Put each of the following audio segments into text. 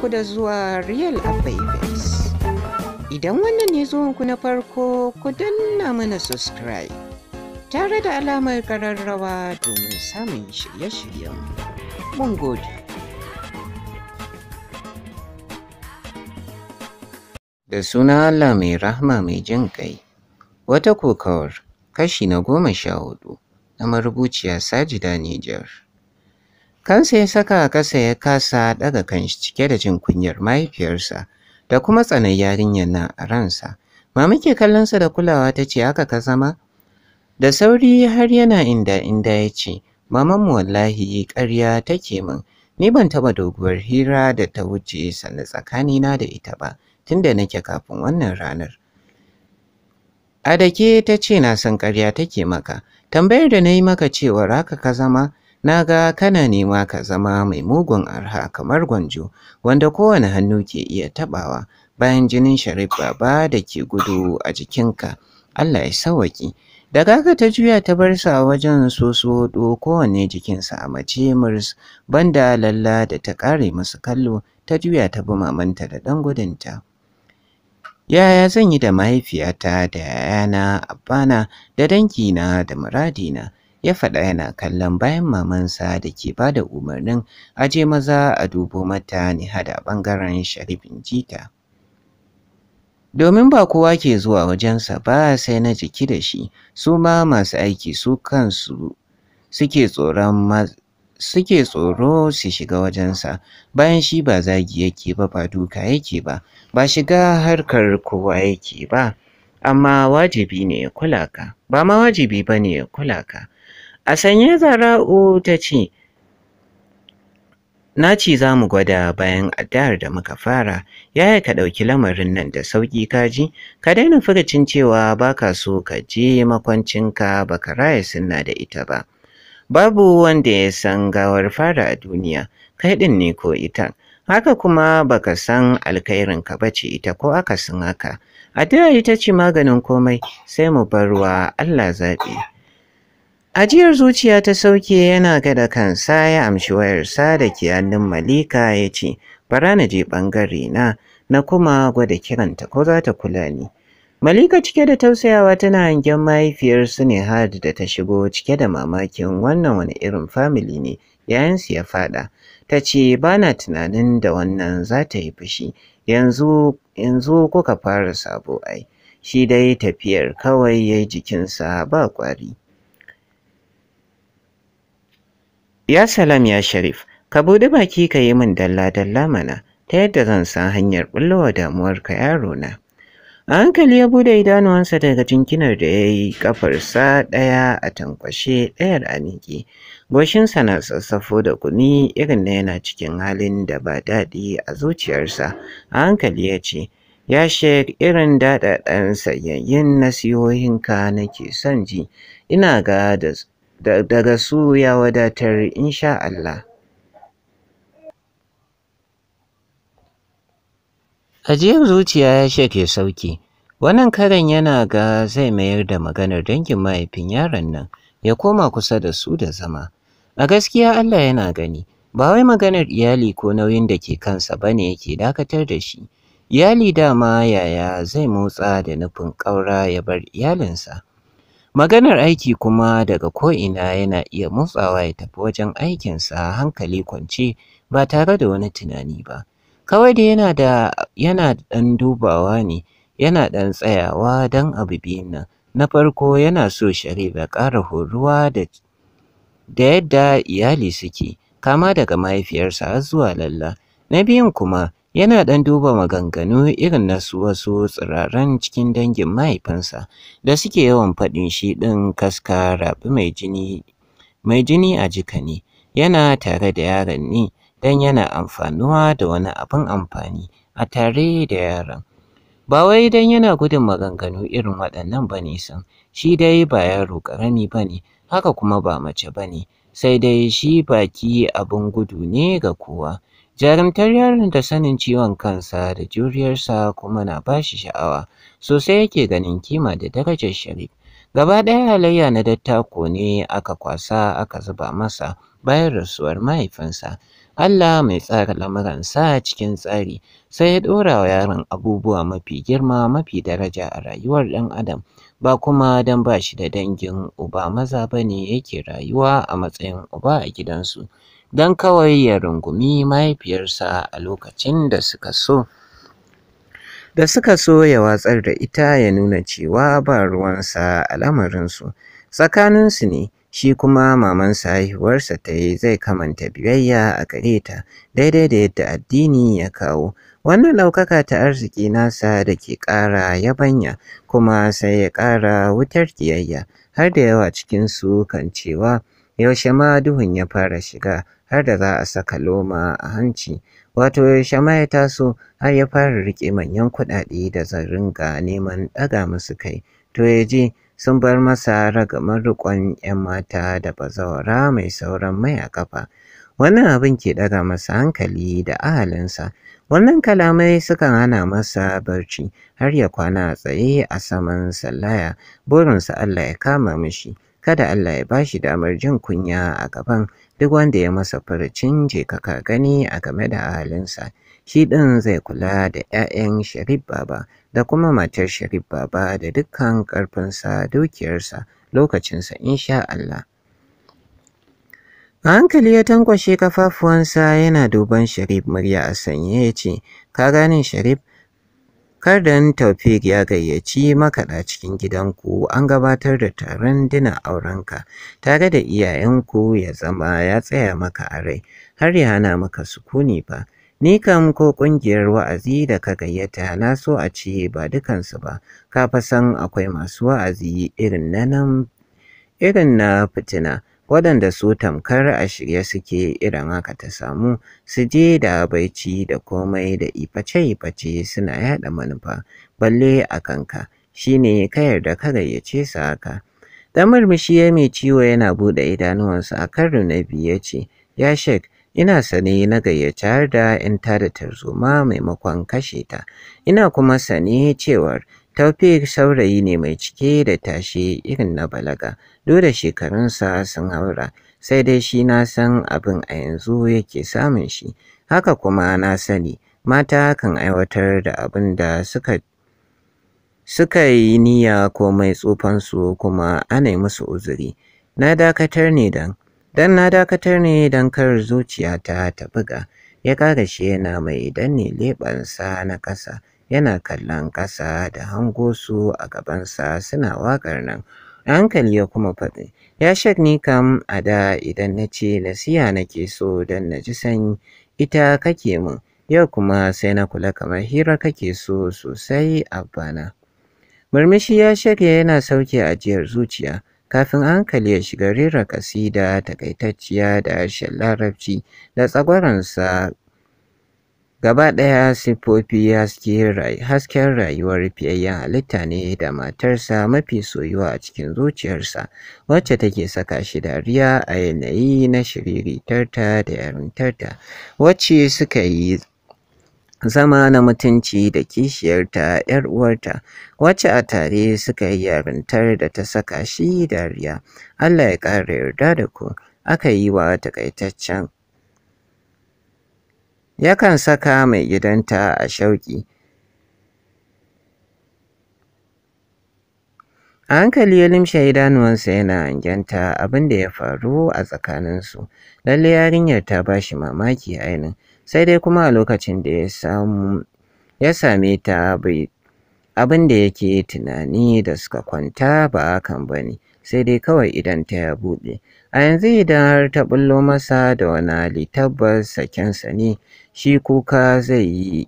ku da zuwa Real Abavis. Idan wannan ne zuwanku na farko ku danna mana subscribe tare da alamar kararrawa domin samun shirye-shiryen mun gode. Da suna Allah mai rahama mai jin kai, wata kokawar kashi na goma sha hudu na marubuciya Sajida Nijar. Kansa ya saka kasa ya kasa ɗaga kanshi cike da jin kunyar mahaifiyarsa da kuma tsanar yarinyar nan a ransa. Mama ke kallonsa da kulawa ta ce haka ka zama? Da sauri har yana inda inda ya ce, maman mu wallahi ƙarya take min, ni ban taɓa doguwar hira da ta wuce sannan tsakanina da ita ba, tunda nake kafin wannan ranar. A dake ta ce na san ƙarya take maka, tambayar da na yi maka cewar haka ka zama Na ga kana nema ka zama mai mugun arha kamar gwanjo wanda kowane hannu ke iya tabawa bayan jinin sharif baba da ke gudu a jikinka. Allah ya sawaki. Da ka ta juya ta bar sa wajen soso do kowane jikinsa a mace murs banda lalla da ta kare musu kallo ta juya ta bi mamanta da dan gudunta. Yaya zan yi da mahaifiyata da yayana, abana, da danki na da muradina. ya faɗa yana kallon bayan mamansa da ke ba da umarnin aje maza a dubo mata ne hada ɓangaren sharifin jita. Domin ba kowa ke zuwa wajensa ba sai na jiki da shi, su ma masu aiki su kansu suke tsoron suke tsoro su shiga wajensa bayan shi ba zagi yake ba ba duka yake ba ba shiga harkar kowa yake ba amma wajibi ne ya kula ka ba ma wajibi ba ne ya kula ka A sanye Zara'u ta ce, Na ci za mu gwada bayan addu'ar da muka fara, yaya ka ɗauki lamarin nan da sauƙi kaji, ka daina furucin cewa ba ka so ka je makwancinka ba ka raya suna da ita ba. Babu wanda ya san gawar fara a duniya, kai ɗin ne ko ita. Haka kuma baka san alkhairinka ba ce ita ko akasin haka. Addu'a ita ce maganin komai sai mu bar wa Allah zaɓi. Ajiyar zuciya ta sauke yana gada kansa ya amshi wayarsa da ke hannun Malika ya ce, bara na je ɓangare na, na kuma gwada kiranta ko za ta kula ni. Malika cike da tausayawa tana hangen mahaifiyarsu ne hard da ta shigo cike da mamakin wannan wani irin famili ne yayansu ya fada. Ta ce ba tunanin da wannan za ta yi fushi yanzu yanzu kuka fara sabo ai. Shi dai tafiyar kawai ya yi jikinsa ba ƙwari. Ya salam ya sharif, ka buɗe baki ka yi min dalla-dalla mana ta yadda zan san hanyar ɓullowa damuwarka yarona. A hankali ya buɗe idanuwansa daga jinkinar da ya yi ƙafarsa ɗaya a tankwashe ɗayar a miƙe. Goshinsa na sassafo da kuni irin na yana cikin halin da ba daɗi a zuciyarsa. A hankali ya ce, Ya shek irin daɗaɗen sayayyen nasihohinka nake son ji, ina ga da daga su ya wadatar insha Allah. Ajiyar zuciya ya shake sauki, wannan karen yana ga zai mayar da maganar dangin mahaifin yaron nan ya koma kusa da su da zama. A gaskiya Allah yana gani, ba wai maganar iyali ko nauyin da ke kansa ba ne yake dakatar da shi. Iyali dama yaya zai motsa da nufin ƙaura ya bar iyalinsa. Maganar aiki kuma daga ko'ina yana iya motsawa ya tafi wajen aikinsa hankali kwance ba tare da wani tunani ba. Kawai da yana ɗan dubawa ne, yana ɗan tsayawa don abu biyun nan. Na farko yana so Sharif ya ƙara horuwa da da yadda iyali suke, kama daga mahaifiyarsa har zuwa Lalla. Na biyun kuma yana ɗan duba maganganu irin na su wasu tsiraran cikin dangin mahaifinsa da suke yawan faɗin shi ɗin kaska rabi mai jini mai jini a jika ne yana tare da yaron ne don yana amfanuwa da wani abin amfani a tare da yaron ba wai dan yana gudun maganganu irin waɗannan ba ne san shi dai ba yaro ƙarami ba ne haka kuma ba mace ba ne sai dai shi baki abin gudu ne ga kowa Jarumtar yaron da sanin ciwon kansa da juriyarsa kuma na ba shi sha'awa, sosai yake ganin kima da darajar Sharif. Gaba ɗaya halayya na dattako ne aka kwasa aka zuba masa bayan rasuwar mahaifinsa. Allah mai tsara lamuransa cikin tsari sai ya ɗora wa yaron abubuwa mafi girma mafi daraja a rayuwar ɗan adam ba kuma don ba shi da dangin uba maza ba ne yake rayuwa a matsayin uba a gidansu. don kawai ya rungumi mahaifiyarsa a lokacin da suka so. Da suka so ya watsar da ita ya nuna cewa ba ruwansa a lamarinsu, tsakaninsu ne. shi kuma mamansa haihuwarsa ta yi zai kamanta biyayya a gare ta daidai da yadda addini ya kawo wannan laukaka ta arziki nasa da ke ƙara yabanya kuma sai ya ƙara wutar kiyayya har da yawa cikinsu kan cewa yaushe ma duhun ya fara shiga har da za a saka loma a hanci. Wato yaushe ma ya taso har ya fara riƙe manyan kuɗaɗe da zan ringa neman ɗaga musu kai. To ya je sun bar masa ragamar riƙon 'yan mata da bazawara mai sauran mai a ƙafa. Wannan abin ke ɗaga masa hankali da ahalinsa. Wannan kalamai sukan hana masa barci har ya kwana a tsaye a saman sallaya, burinsa Allah ya kama mishi, kada Allah ya bashi damar jin kunya a gaban duk wanda ya masa furucin je ka gani a game da halinsa shi ɗin zai kula da 'ya'yan sharif baba da kuma matar sharif baba da dukkan ƙarfinsa dukiyarsa lokacinsa insha Allah. A hankali ya tankwashe kafafuwansa yana duban Sharif murya a sanye ya ce, Ka gane Sharif, Kardan Taufik ya gayyaci makaɗa cikin gidanku an gabatar da taron dina aurenka tare da iyayenku ya zama ya tsaya maka a rai har ya hana maka sukuni ba. Ni kam ko ƙungiyar wa'azi da ka gayyata na so a ce ba dukansu ba, ka fa san akwai masu wa'azi irin na fitina waɗanda su tamkar a shirye suke irin haka ta samu su je da baici da komai da iface-iface suna yaɗa manufa balle a kanka shi ne ka yarda ka gayyace su haka. da murmushi ya mai ciwo yana buɗe idanuwansa a kan runabi ya ce, Ya shek, ina sane na gayyace har da yan tada tarzoma maimakon kashe ta, ina kuma sane cewar Taufik saurayi ne mai cike da tashe irin na balaga, Dole da shekarunsa sun haura, sai dai shi na san abin a yanzu yake samun shi. Haka kuma na sani, mata kan aiwatar da abin da suka suka yi niyya mai tsufansu kuma ana musu uzuri. Na dakatar ne dan, dan na dakatar ne dan kar zuciyata ta buga, ya ƙara shi yana mai danne lebansa na ƙasa yana kallon ƙasa da hango su a gabansa suna waƙar nan. A hankali ya kuma faɗi, ya shak ni kam a da idan na ce nasiya nake so don na ji sanyi ita kake min, yau kuma sai na kula kamar hira kake so sosai a bana. Murmushi ya shirya yana sauke ajiyar zuciya kafin hankali ya shiga rera kasida takaitacciya da harshen larabci da tsagwaransa Gaba ɗaya siffofi hasken rayuwar fiyayyen halitta ne da matarsa mafi soyuwa a cikin zuciyarsa, wacce take saka shi dariya a yanayi na shiriritarta da yarintarta, wacce suka yi zama na mutunci da kishiyarta ‘yar uwarta, wacce a tare suka yi yarintar da ta saka shi dariya. Allah ya ƙara yarda da ku. Aka yi wa taƙaitaccen yakan saka mai gidanta a shauƙi. A hankali ya limshe idanuwansa yana hangenta abin da ya faru a tsakaninsu. Lalle yarinyar ta ba shi mamaki ainin, sai dai kuma a lokacin da ya same ta abin da yake tunani da suka kwanta ba hakan ba ne, sai dai kawai idan ta ya buɗe. A yanzu idan har ta bullo masa da wani hali tabbas sakensa ne, shi kuka zai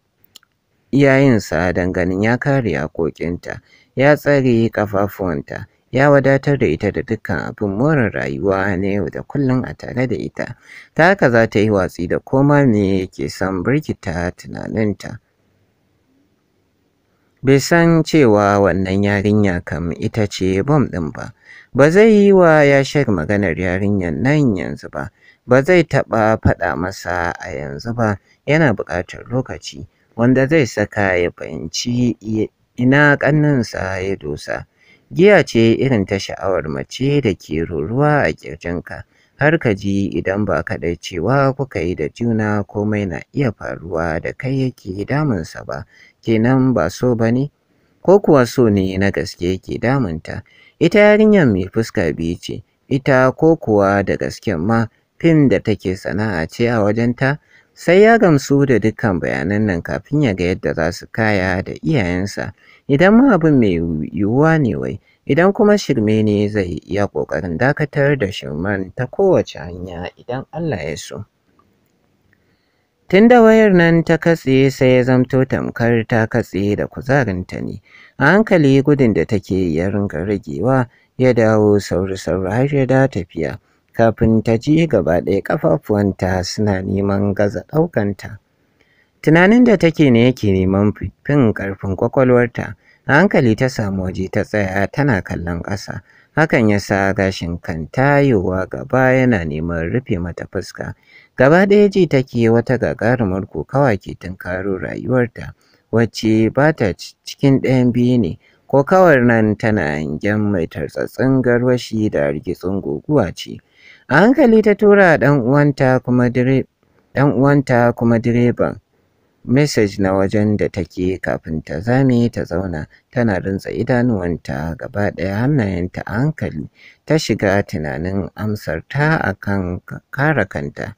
yi sa dan ganin ya kare hakokinta, ya tsare ƙafafuwanta, ya wadatar da ita da dukkan abin more rayuwa na yau da kullum a tare da ita, ta haka za ta yi watsi da koma me yake son birkita tunaninta. bai san cewa wannan yarinya kam ita ce bom ɗin ba, ba zai yi wa yashar maganar yarinyar nan yanzu ba, ba zai taɓa faɗa masa a yanzu ba, yana buƙatar lokaci wanda zai saka ya fahimci ina ƙannansa ya dosa. Giya ce irin ta sha'awar mace da ke ruruwa a ƙirjinka, har ka ji idan ba kaɗai cewa kuka yi da juna komai na iya faruwa da kai yake damunsa ba, kenan ba so ba ne? Ko kuwa so ne na gaske yake damunta? Ita yarinyar mai fuska biyu ce, ita ko kuwa da gasken ma fim da take sana'a ce a wajenta? Sai ya gamsu da dukkan bayanan nan kafin ya ga yadda za su kaya da iyayensa. Idan ma abin mai yiwuwa ne wai, idan kuma shirme ne zai iya ƙoƙarin dakatar da shirman ta kowace hanya idan Allah ya so. Tun da wayar nan ta katse sai ya zamto tamkar ta katse da kuzarinta ne, a hankali gudun da take ya ringa ragewa ya dawo sauri-sauri har ya da tafiya, kafin ta ji gaba ɗaya ƙafafuwanta suna neman gaza ɗaukanta. Tunanin da take ne yake neman fin ƙarfin ƙwaƙwalwarta, a hankali ta samu waje ta tsaya tana kallon ƙasa, hakan ya sa gashin kan tayowa gaba yana neman rufe mata fuska. Gaba ɗaya ji take wata gagarumar kokawa ke tunkaro rayuwarta wacce ba ta cikin ɗayan biyu ne. Kokawar nan tana hangen mai tartsatsin garwashi da hargitsin guguwa ce. A hankali ta tura ɗan uwanta kuma ɗan uwanta kuma direban message na wajen da take kafin ta zame ta zauna tana rintsa idanuwanta gaba ɗaya hannayenta a hankali ta shiga tunanin amsar ta kan kare kanta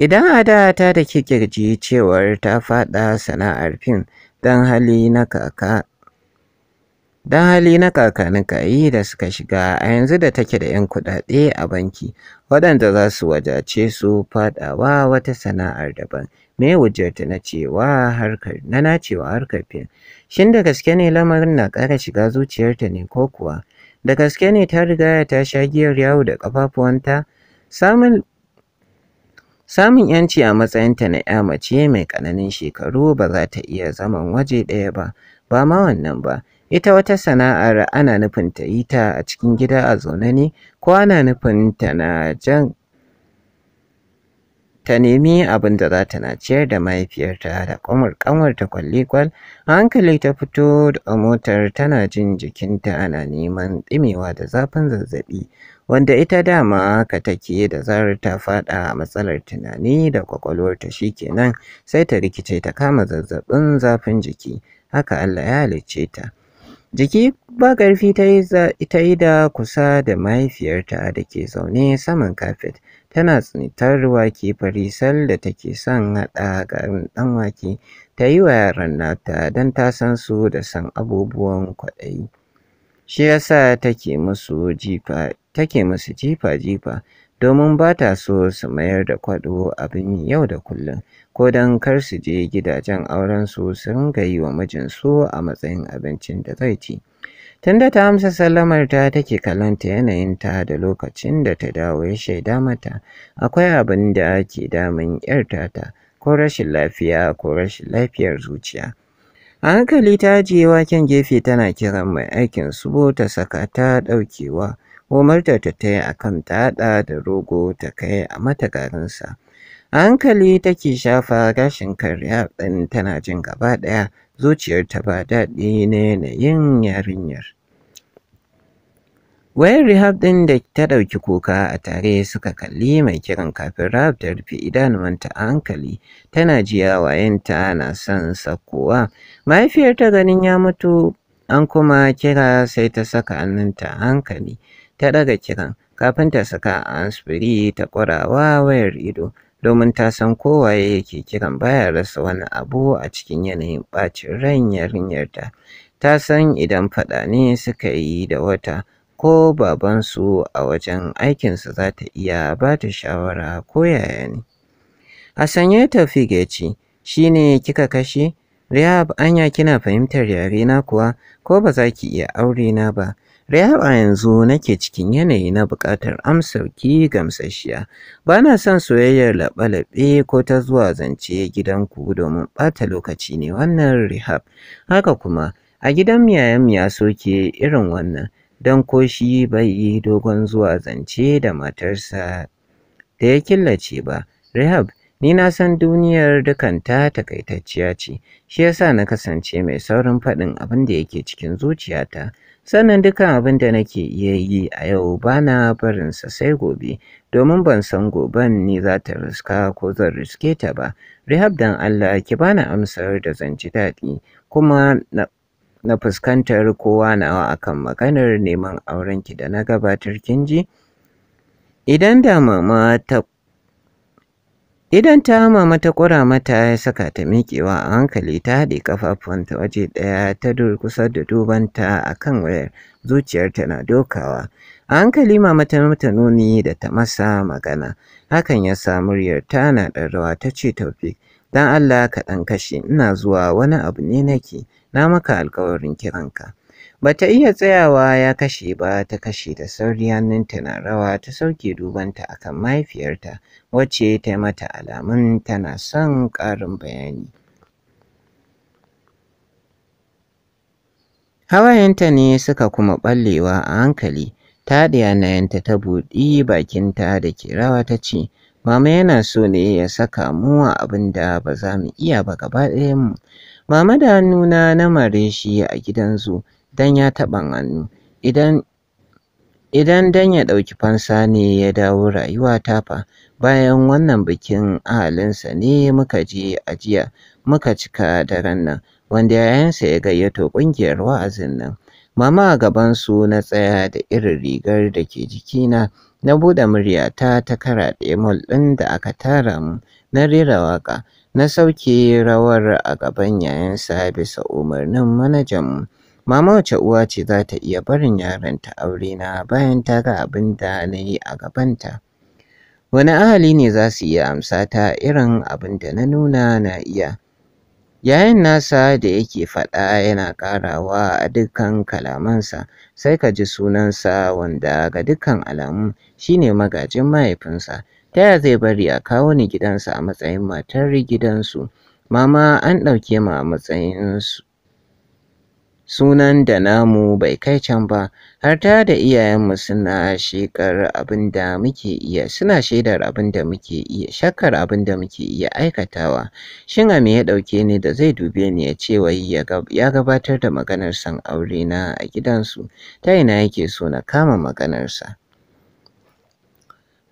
Idan ada ta da kirji cewar ta faɗa sana'ar fim don hali na kaka don na kakanikayi da suka shiga a yanzu da take da 'yan kuɗaɗe a banki waɗanda za su wajace su faɗawa wata sana'ar daban me wujerta na cewa harkar na nacewa harkar fim shin da gaske ne lamarin na ƙara shiga zuciyarta ne ko kuwa da gaske ne ta riga ta sha giyar yawo da ƙafafuwanta samun Samun ‘yanci a matsayinta na ‘ya mace mai ƙananan shekaru ba za ta iya zaman waje ɗaya ba, ba ma wannan ba, ita wata sana'ar ana nufin ta yi ta a cikin gida a zaune ne ko ana nufin ta nemi abin da za ta na ciyar da mahaifiyarta da ƙanwarta kwallikwal a hankali ta fito da motar tana jin jikinta ana neman ɗimewa da zafin zazzaɓi wanda ita dama ka take da zarar ta faɗa a matsalar tunani da kwakwalwarta shi kenan sai ta rikice ta kama zazzabin zafin jiki haka Allah ya halicce ta. Jiki ba ƙarfi ta yi da kusa da mahaifiyarta da ke zaune saman kafet, tana tsinitar wake fari sal da take son haɗa garin ɗan wake ta yi wa yaran nata don ta san su da san abubuwan kwaɗayi. Shi yasa take musu jifa take musu jifa-jifa domin ba ta so su mayar da kwaɗo abin yau da kullum ko don kar su je gidajen aurensu su ringa yi wa mijinsu a matsayin abincin da zai ci. Tunda ta amsa sallamar ta take kalanta yanayin ta da lokacin da ta dawo ya shaida mata akwai abin da ake damun 'yar ta, ko rashin lafiya ko rashin lafiyar zuciya. A hankali ta je waken gefe tana kiran mai aikin subo ta saka ta ɗaukewa umartar ta ta a kan ta da rogo ta kai a mata garinsa. A hankali take shafa gashin karya ɗin tana jin gaba ɗaya zuciyar ta ba daɗi na yanayin yarinyar. Wayar Rehab ɗin da ta ɗauki kuka a tare suka kalli mai kiran kafin rihab ta rufe idanuwanta a hankali tana jiya ta na son sakkowa. Mahaifiyar ta ganin ya mutu an kuma kira sai ta saka hannunta a hankali ta ɗaga kiran kafin ta saka a hansfiri ta ƙurawa wayar ido domin ta san kowaye yake kiran baya rasa wani abu a cikin yanayin ɓacin ran yarinyarta ta san idan faɗa ne suka yi da wata ko babansu a wajen aikinsu za ta iya ba ta shawara ko yaya ne a sanye ta ya shi ne kika kashe Riyab anya kina fahimtar yarena kuwa ko ba za ki iya aure na ba Rehab a yanzu nake cikin yanayi na buƙatar amsauki gamsasshiya. Ba na son soyayyar laɓe-laɓe ko ta zuwa zance gidanku domin ɓata lokaci ne wannan rehab. Haka kuma, a gidan miyayen ya soke irin wannan, don ko shi bai yi dogon zuwa zance da matarsa da ya killace ba. Rehab Ni na san duniyar dukanta takaitacciya ce, shi yasa na kasance mai saurin faɗin abin da yake cikin zuciyata. sannan dukan abin da nake iya yi a yau ba na barinsa sai gobe domin ban san goben ni za ta riska ko zan riske ta ba rehab dan allah ki bani amsar da zan ji daɗi kuma na na fuskantar kowa nawa akan maganar neman aurenki da na gabatar kin ji idan da mama ta Idan ta mama ta ƙura mata ya saka ta miƙewa a hankali ta haɗe ƙafafunta waje ɗaya ta durkusa da dubanta a kan wayar zuciyarta na dokawa. A hankali mama ta mata nuni da ta masa magana. Hakan ya sa muryar ta na ɗan rawa ta ce Taufik, dan Allah ka ɗan kashe ina zuwa wani abu ne nake, na maka alƙawarin kiranka. Ba ta iya tsayawa ya kashe ba ta kashe da sauri hannunta na rawa ta sauke dubanta kan mahaifiyarta wacce ta mata alamun tana son ƙarin bayani. Hawayenta ne suka kuma ɓallewa a hankali, ta haɗe yanayenta ta buɗi bakinta da ke rawa ta ce, Mama yana so ne ya saka mu a abin da ba za mu iya ba gaba ɗayanmu. Mama da hannuna na mare shi a gidan zu Dan ya taɓa hannu. Idan idan dan ya ɗauki fansa ne ya dawo rayuwa ta fa bayan wannan bikin ahalinsa ne muka je a jiya muka cika daren nan wanda yayansa ya gayyato ƙungiyar wa'azin nan mama a gabansu na tsaya da irin rigar da ke jikina na buɗe muryata ta karaɗe mol ɗin da aka tara mu na rera waƙa na sauke rawar a gaban yayansa bisa umarnin manajanmu Mama wace uwa ce za ta iya barin yaranta aure na bayan ta ga abin da na yi a gabanta? Wani ahali ne za su iya amsa ta irin abin da na nuna na iya? Yayin nasa da yake faɗa yana ƙarawa a dukkan kalamansa sai ka ji sunansa wanda ga dukkan alamu shine magajin mahaifinsa. Ta ya zai bari a kawo ni gidansa a matsayin matar gidansu? Mama an ɗauke mu a matsayin sunan da namu bai kai can ba har ta da iyayenmu suna shekar abin da muke iya suna shaidar abin da muke iya shakkar abin da muke iya aikatawa shin a me ya ɗauke ni da zai dube ni ya ce wai ya gabatar da maganar san aure na a gidansu ta ina yake so na kama maganarsa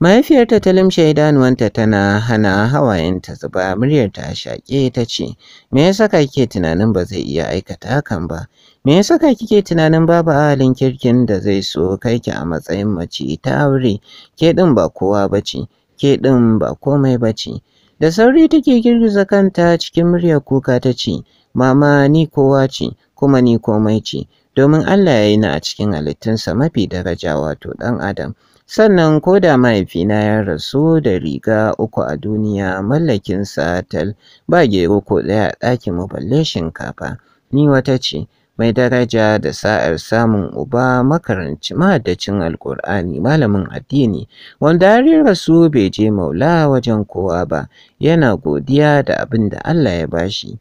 Mahaifiyarta ta limshe idanuwanta tana hana hawayenta zuba muryarta a shaƙe ta ce, Me ya saka kike tunanin ba zai iya aikata hakan ba? Me yasa kai kike tunanin babu ahalin kirkin da zai so kai ki a matsayin mace ta aure? Ke din ba kowa bace, ke din ba komai bace. Da sauri take girgiza kanta cikin murya kuka ta ce, Mama ni kowa ce, kuma ni komai ce, domin Allah ya yi ni a cikin halittunsa mafi daraja wato ɗan Adam. Sannan ko da mahaifina ya rasu da riga uku a duniya mallakinsa tal ba gero ko ɗaya ɗakin mu balle shinkafa. Ni wata ce, mai daraja da sa'ar samun uba makaranci mahaddacin alkur'ani malamin addini wanda har su bai je maula wajen kowa ba yana godiya da abin da Allah ya bashi.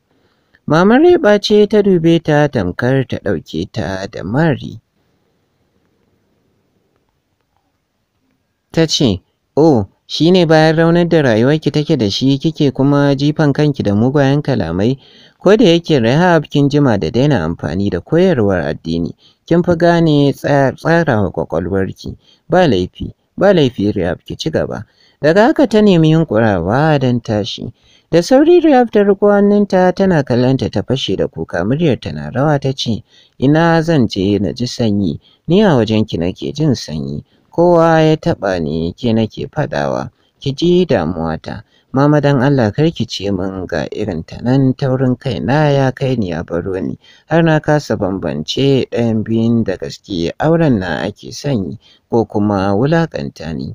Mamar Reba ce ta dube ta tamkar ta ɗauke ta da mari. Ta ce, Oh, shi ne bayan raunar da rayuwarki take da shi kike kuma jifan kanki da mugayen kalamai Ko da yake Rahab kin jima da daina amfani da koyarwar addini, kin fi gane tsarawa ki Ba laifi, ba laifi Rahab ki ci gaba. Daga haka ta nemi wa don tashi. Da sauri Rahab ta riƙo hannunta tana kallonta ta fashe da kuka muryar tana rawa ta ce, Ina zan je na ji sanyi, ni a wajenki nake jin sanyi, kowa ya taɓa ni ke nake faɗawa, ki ji damuwata. Mama dan Allah kar ki ce min ga irin ta nan taurin kai na ya kai ni ya baro ni har na kasa bambance ɗayan biyun da gaske auren na ake sanyi ko kuma wulaƙanta ni.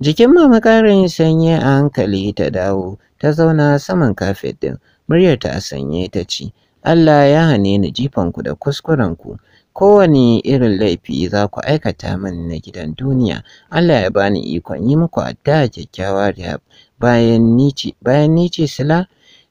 Jikin mama ƙarin sanyi a hankali ta dawo ta zauna saman kafet ɗin muryar ta sanye ta ce Allah ya hane ni ku da kuskuren ku. kowane irin laifi za ku aikata min na gidan duniya Allah ya bani ikon yi muku adda kyakkyawa da bayan ni ce bayan ni sila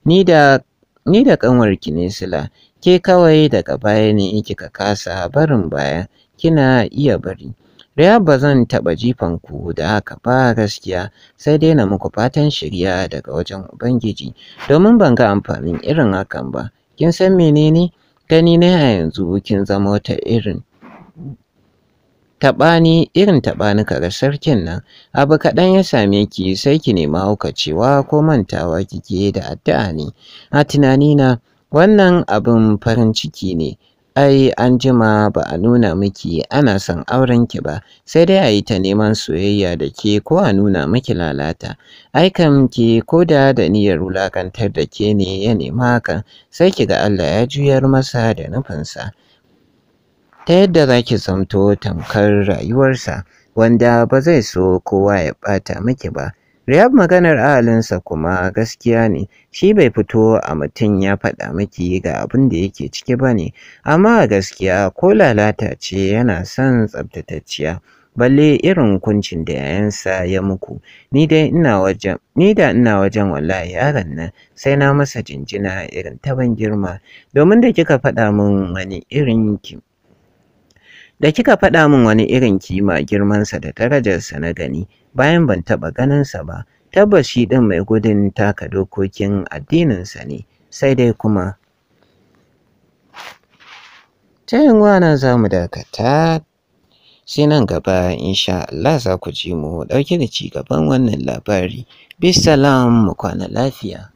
ni da ni da ƙanwarki ne sila ke kawai daga baya ne in kika kasa barin baya kina iya bari Riya ba zan taɓa jifan ku da haka ba gaskiya sai dai na muku fatan shirya daga wajen Ubangiji domin ban ga amfanin irin hakan ba. Kin san menene? Gani na yanzu kin zama wata irin taɓani irin taɓani kaga sarkin nan abu kaɗan ya same ki sai ki nemi haukacewa ko mantawa kike da addu'a ne a tunanina wannan abin farin ciki ne ai an jima ba a nuna miki ana son auren ki ba sai dai a yi ta neman soyayya da ke ko a nuna miki lalata ai kam ki ko da da niyyar wulakantar da ke ne ya nema hakan sai ki ga Allah ya juyar masa da nufinsa ta yadda za ki zamto tamkar rayuwarsa wanda ba zai so kowa ya ɓata miki ba. Riyab maganar ahalinsa kuma gaskiya ne, shi bai fito a mutum ya faɗa miki ga abin da yake ciki ba ne, amma gaskiya ko lalata ce yana son tsabtatacciya. balle irin kuncin da yayansa ya muku ni da ina wajen wallahi yaron nan sai na masa jinjina irin ta girma domin da kika faɗa min wani irin ki Da kika faɗa min wani irin kima girmansa da darajarsa na gani bayan ban taɓa ganinsa ba, tabbas shi ɗin mai gudun taka dokokin addininsa ne, sai dai kuma. Ta yin na za mu dakata sai nan gaba insha Allah za ku ji mu ɗauke da ci gaban wannan labari. Bisalam mu kwana lafiya.